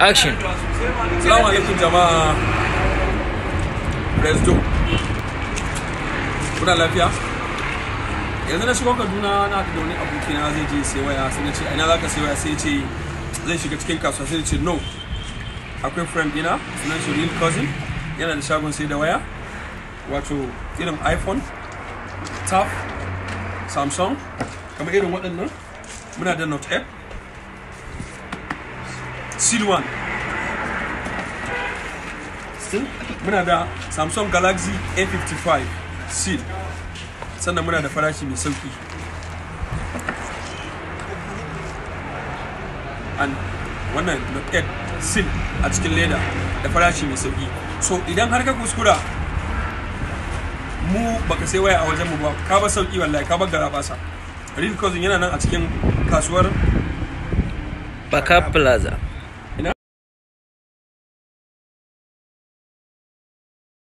action salamu alaikum jama'a presto kuna lafiya yanzu na shigo kaduna na da wani aboki na zai je sai waya sai na ce ina zaka sai waya sai ce zai shiga cikin kasuwa sai ce no akwai friend dina sunan shi real cousin yana da shagon sai da waya wato irin iphone tap samsung kamar irin waɗannan muna da note app silwan muna da samsung galaxy a55 seal sannan muna da farashi mai sauki an wannan seal a cikin leda da farashi mai sauki so idan har ka kuskura mu baka sai waya a wajen ba ka ba sauki wallahi ka bar gara basa real yana nan a cikin kasuwar baka plaza